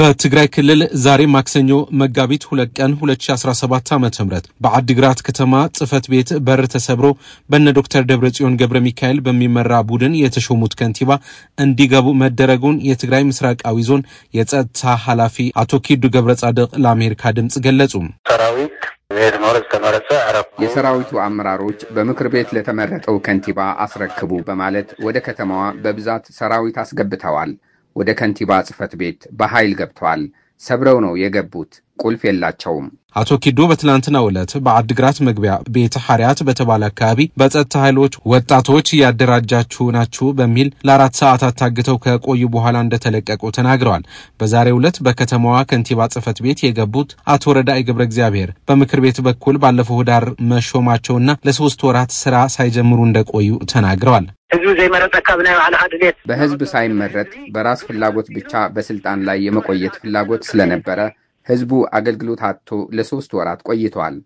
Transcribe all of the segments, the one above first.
በትግራይ ክልል ዛሬ ማክሰኞ መጋቢት ሁለት ቀን 2017 ዓ ም በአዲግራት ከተማ ጽህፈት ቤት በር ተሰብሮ በነ ዶክተር ደብረጽዮን ገብረ ሚካኤል በሚመራ ቡድን የተሾሙት ከንቲባ እንዲገቡ መደረጉን የትግራይ ምስራቃዊ ዞን የጸጥታ ኃላፊ አቶ ኪዱ ገብረ ጻድቅ ለአሜሪካ ድምፅ ገለጹ። የሰራዊቱ አመራሮች በምክር ቤት ለተመረጠው ከንቲባ አስረክቡ በማለት ወደ ከተማዋ በብዛት ሰራዊት አስገብተዋል። ወደ ከንቲባ ጽህፈት ቤት በኃይል ገብተዋል። ሰብረው ነው የገቡት። ቁልፍ የላቸውም። አቶ ኪዶ በትላንትና ዕለት በአድግራት መግቢያ ቤተ ሐርያት በተባለ አካባቢ በጸጥታ ኃይሎች ወጣቶች እያደራጃችሁ ናችሁ በሚል ለአራት ሰዓታት ታግተው ከቆዩ በኋላ እንደተለቀቁ ተናግረዋል። በዛሬው ዕለት በከተማዋ ከንቲባ ጽፈት ቤት የገቡት አቶ ወረዳ ገብረ እግዚአብሔር በምክር ቤት በኩል ባለፈው ኅዳር መሾማቸውና ለሶስት ወራት ስራ ሳይጀምሩ እንደቆዩ ተናግረዋል። ህዝብ ዘይመረጠ ካብ ናይ ባዕልኻ ድሌት በህዝብ ሳይመረጥ በራስ ፍላጎት ብቻ በስልጣን ላይ የመቆየት ፍላጎት ስለነበረ ህዝቡ አገልግሎት አጥቶ ለሶስት ወራት ቆይተዋል።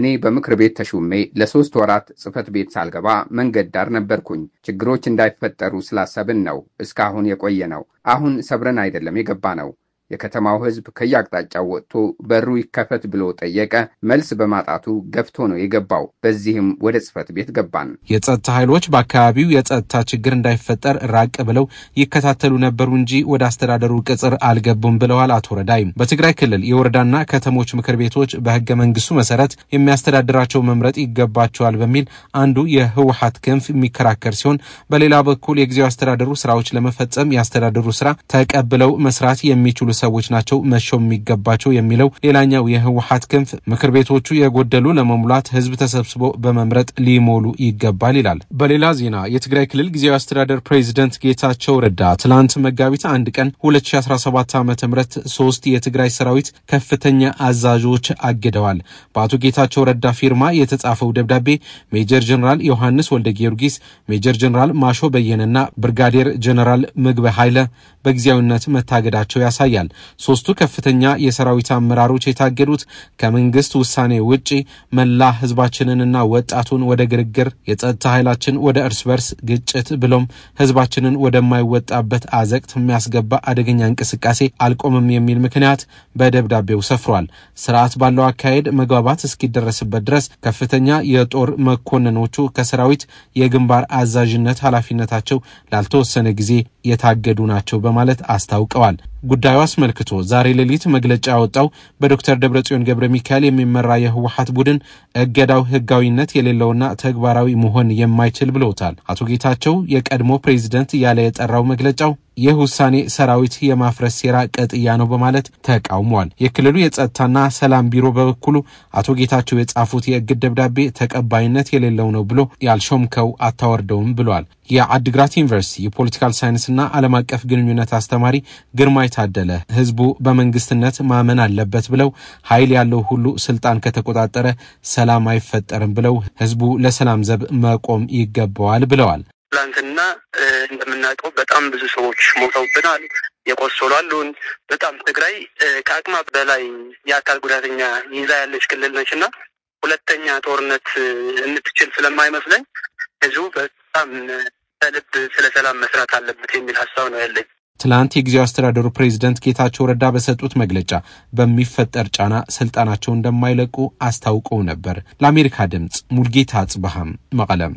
እኔ በምክር ቤት ተሹሜ ለሶስት ወራት ጽህፈት ቤት ሳልገባ መንገድ ዳር ነበርኩኝ። ችግሮች እንዳይፈጠሩ ስላሰብን ነው እስካሁን የቆየ ነው። አሁን ሰብረን አይደለም የገባ ነው። የከተማው ህዝብ ከየአቅጣጫው ወጥቶ በሩ ይከፈት ብሎ ጠየቀ። መልስ በማጣቱ ገፍቶ ነው የገባው። በዚህም ወደ ጽህፈት ቤት ገባን። የጸጥታ ኃይሎች በአካባቢው የጸጥታ ችግር እንዳይፈጠር ራቅ ብለው ይከታተሉ ነበሩ እንጂ ወደ አስተዳደሩ ቅጽር አልገቡም ብለዋል አቶ ረዳይ። በትግራይ ክልል የወረዳና ከተሞች ምክር ቤቶች በህገ መንግስቱ መሰረት የሚያስተዳድራቸው መምረጥ ይገባቸዋል በሚል አንዱ የህወሀት ክንፍ የሚከራከር ሲሆን፣ በሌላ በኩል የጊዜው አስተዳደሩ ስራዎች ለመፈጸም የአስተዳደሩ ስራ ተቀብለው መስራት የሚችሉ ሰዎች ናቸው መሾም የሚገባቸው የሚለው ሌላኛው የህወሀት ክንፍ ምክር ቤቶቹ የጎደሉ ለመሙላት ህዝብ ተሰብስቦ በመምረጥ ሊሞሉ ይገባል ይላል። በሌላ ዜና የትግራይ ክልል ጊዜያዊ አስተዳደር ፕሬዚደንት ጌታቸው ረዳ ትላንት መጋቢት አንድ ቀን 2017 ዓ ም ሶስት የትግራይ ሰራዊት ከፍተኛ አዛዦች አግደዋል። በአቶ ጌታቸው ረዳ ፊርማ የተጻፈው ደብዳቤ ሜጀር ጀኔራል ዮሐንስ ወልደ ጊዮርጊስ፣ ሜጀር ጀኔራል ማሾ በየነና ብርጋዴር ጀኔራል ምግበ ኃይለ በጊዜያዊነት መታገዳቸው ያሳያል። ሶስቱ ከፍተኛ የሰራዊት አመራሮች የታገዱት ከመንግስት ውሳኔ ውጪ መላ ህዝባችንንና ወጣቱን ወደ ግርግር፣ የጸጥታ ኃይላችን ወደ እርስ በርስ ግጭት ብሎም ህዝባችንን ወደማይወጣበት አዘቅት የሚያስገባ አደገኛ እንቅስቃሴ አልቆምም የሚል ምክንያት በደብዳቤው ሰፍሯል። ስርዓት ባለው አካሄድ መግባባት እስኪደረስበት ድረስ ከፍተኛ የጦር መኮንኖቹ ከሰራዊት የግንባር አዛዥነት ኃላፊነታቸው ላልተወሰነ ጊዜ የታገዱ ናቸው። በማለት አስታውቀዋል። ጉዳዩ አስመልክቶ ዛሬ ሌሊት መግለጫ ያወጣው በዶክተር ደብረጽዮን ገብረ ሚካኤል የሚመራ የህወሀት ቡድን እገዳው ህጋዊነት የሌለውና ተግባራዊ መሆን የማይችል ብለውታል። አቶ ጌታቸው የቀድሞ ፕሬዚደንት ያለ የጠራው መግለጫው ይህ ውሳኔ ሰራዊት የማፍረስ ሴራ ቀጥያ ነው በማለት ተቃውሟል። የክልሉ የጸጥታና ሰላም ቢሮ በበኩሉ አቶ ጌታቸው የጻፉት የእግድ ደብዳቤ ተቀባይነት የሌለው ነው ብሎ ያልሾምከው አታወርደውም ብሏል። የአድግራት ዩኒቨርሲቲ የፖለቲካል ሳይንስና ዓለም አቀፍ ግንኙነት አስተማሪ ግርማይ ታደለ ህዝቡ በመንግስትነት ማመን አለበት ብለው ኃይል ያለው ሁሉ ስልጣን ከተቆጣጠረ ሰላም አይፈጠርም ብለው ህዝቡ ለሰላም ዘብ መቆም ይገባዋል ብለዋል። ትላንትና እንደምናውቀው በጣም ብዙ ሰዎች ሞተውብናል። የቆሰሉ አሉን። በጣም ትግራይ ከአቅማ በላይ የአካል ጉዳተኛ ይዛ ያለች ክልል ነች እና ሁለተኛ ጦርነት እንትችል ስለማይመስለኝ ህዝቡ በጣም ለልብ ስለ ሰላም መስራት አለበት የሚል ሀሳብ ነው ያለኝ። ትላንት የጊዜው አስተዳደሩ ፕሬዚደንት ጌታቸው ረዳ በሰጡት መግለጫ በሚፈጠር ጫና ስልጣናቸው እንደማይለቁ አስታውቀው ነበር። ለአሜሪካ ድምፅ ሙልጌታ አጽብሃም መቀለም